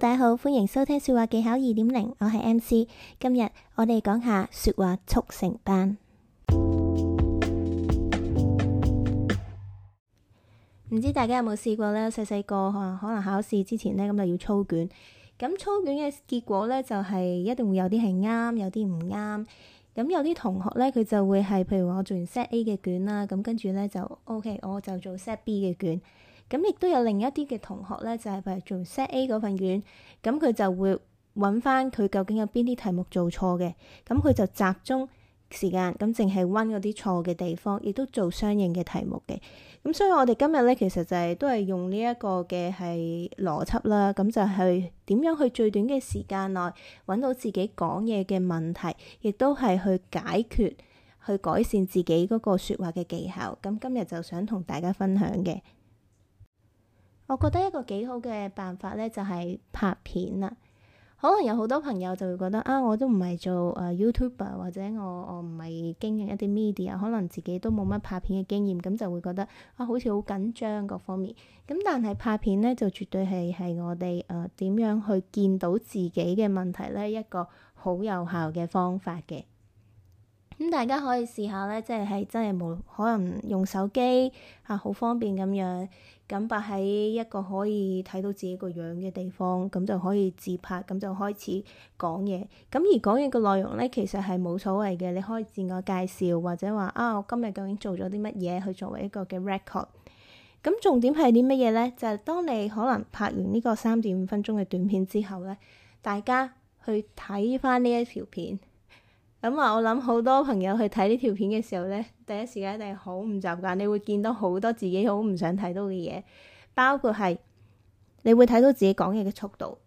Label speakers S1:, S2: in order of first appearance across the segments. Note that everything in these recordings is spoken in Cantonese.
S1: 大家好，歡迎收聽說話技巧二點零，我係 MC，今日我哋講下說話速成班。唔知大家有冇試過呢？細細個可能考試之前呢，咁就要操卷。咁操卷嘅結果呢，就係、是、一定會有啲係啱，有啲唔啱。咁有啲同學呢，佢就會係，譬如話我做完 set A 嘅卷啦，咁跟住呢就 OK，我就做 set B 嘅卷。咁亦都有另一啲嘅同學咧，就係譬如做 set A 嗰份卷，咁佢就會揾翻佢究竟有邊啲題目做錯嘅，咁佢就集中時間咁，淨係温嗰啲錯嘅地方，亦都做相應嘅題目嘅。咁所以我哋今日咧，其實就係都係用呢一個嘅係邏輯啦，咁就係點樣去最短嘅時間內揾到自己講嘢嘅問題，亦都係去解決去改善自己嗰個説話嘅技巧。咁今日就想同大家分享嘅。我覺得一個幾好嘅辦法咧，就係、是、拍片啦。可能有好多朋友就會覺得啊，我都唔係做誒 YouTube 啊，呃、YouTuber，或者我我唔係經營一啲 media，可能自己都冇乜拍片嘅經驗，咁就會覺得啊，好似好緊張各方面。咁、嗯、但係拍片咧，就絕對係係我哋誒點樣去見到自己嘅問題咧，一個好有效嘅方法嘅。咁大家可以試下咧，即係係真係冇可能用手機啊，好、啊、方便咁樣，咁擺喺一個可以睇到自己個樣嘅地方，咁就可以自拍，咁就開始講嘢。咁而講嘢嘅內容咧，其實係冇所謂嘅，你可以自我介紹或者話啊，我今日究竟做咗啲乜嘢去作為一個嘅 record。咁、啊、重點係啲乜嘢咧？就係、是、當你可能拍完呢個三點五分鐘嘅短片之後咧，大家去睇翻呢一條片。咁啊、嗯，我諗好多朋友去睇呢條片嘅時候咧，第一時間一定好唔習慣，你會見到好多自己好唔想睇到嘅嘢，包括係你會睇到自己講嘢嘅速度，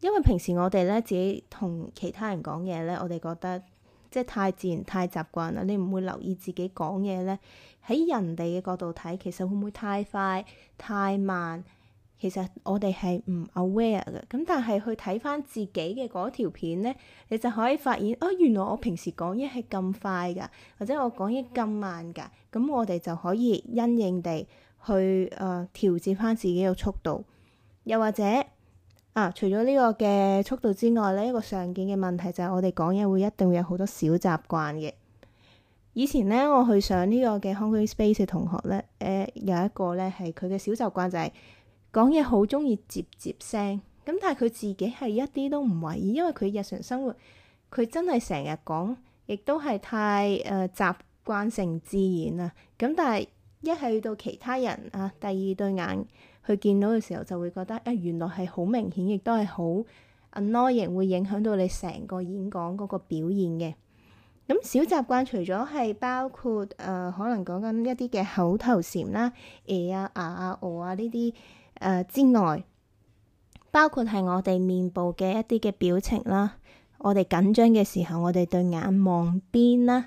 S1: 因為平時我哋咧自己同其他人講嘢咧，我哋覺得即係太自然，太習慣啦，你唔會留意自己講嘢咧，喺人哋嘅角度睇，其實會唔會太快，太慢？其實我哋係唔 aware 嘅，咁但係去睇返自己嘅嗰條片咧，你就可以發現哦，原來我平時講嘢係咁快㗎，或者我講嘢咁慢㗎。咁我哋就可以因應地去誒調節返自己嘅速度，又或者啊，除咗呢個嘅速度之外咧，一個常見嘅問題就係我哋講嘢會一定會有好多小習慣嘅。以前咧，我去上呢個嘅 h o n g r u space 嘅同學咧，誒、呃、有一個咧係佢嘅小習慣就係、是。講嘢好中意接接聲，咁但係佢自己係一啲都唔為意，因為佢日常生活佢真係成日講，亦都係太誒、呃、習慣成自然啦。咁但係一去到其他人啊，第二對眼去見到嘅時候，就會覺得啊，原來係好明顯，亦都係好 annoying，會影響到你成個演講嗰個表現嘅。咁、啊、小習慣除咗係包括誒、呃，可能講緊一啲嘅口頭禪啦，誒啊牙啊我啊呢啲。啊啊啊啊誒、呃、之外，包括係我哋面部嘅一啲嘅表情啦，我哋緊張嘅時候，我哋對眼望邊啦，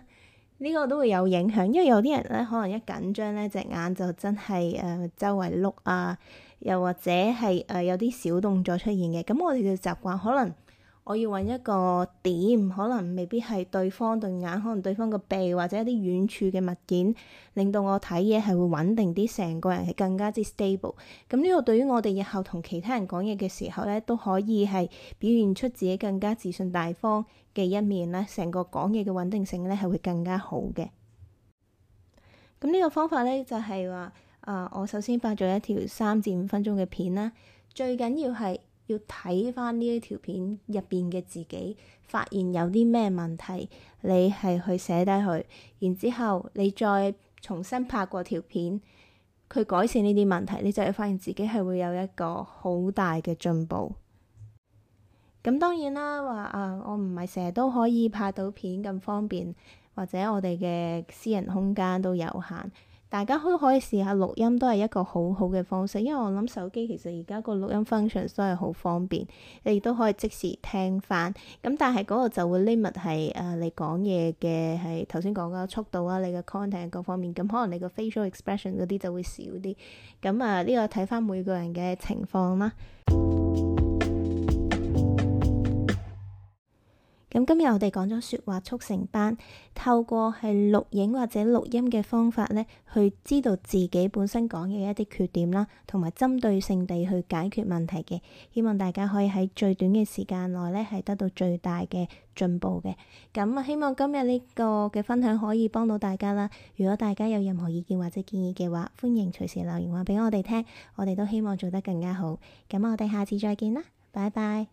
S1: 呢、這個都會有影響，因為有啲人咧可能一緊張咧隻眼就真係誒、呃、周圍碌啊，又或者係誒、呃、有啲小動作出現嘅，咁我哋嘅習慣可能。我要揾一個點，可能未必係對方對眼，可能對方個鼻或者一啲遠處嘅物件，令到我睇嘢係會穩定啲，成個人係更加之 stable。咁呢個對於我哋日後同其他人講嘢嘅時候呢，都可以係表現出自己更加自信大方嘅一面啦。成個講嘢嘅穩定性呢，係會更加好嘅。咁呢個方法呢，就係話，啊，呃，我首先拍咗一條三至五分鐘嘅片啦，最緊要係。要睇翻呢一條片入邊嘅自己，發現有啲咩問題，你係去寫低佢，然之後你再重新拍過條片，佢改善呢啲問題，你就會發現自己係會有一個好大嘅進步。咁 當然啦，話啊，我唔係成日都可以拍到片咁方便，或者我哋嘅私人空間都有限。大家都可以試下錄音，都係一個好好嘅方式。因為我諗手機其實而家個錄音 function 都係好方便，你亦都可以即時聽翻。咁但係嗰個就會 limit 係誒，你講嘢嘅係頭先講嘅速度啊，你嘅 content 各方面，咁可能你嘅 facial expression 嗰啲就會少啲。咁啊，呢個睇翻每個人嘅情況啦。咁今日我哋講咗說話速成班，透過係錄影或者錄音嘅方法咧，去知道自己本身講嘅一啲缺點啦，同埋針對性地去解決問題嘅。希望大家可以喺最短嘅時間內咧，係得到最大嘅進步嘅。咁啊，希望今日呢個嘅分享可以幫到大家啦。如果大家有任何意見或者建議嘅話，歡迎隨時留言話俾我哋聽。我哋都希望做得更加好。咁我哋下次再見啦，拜拜。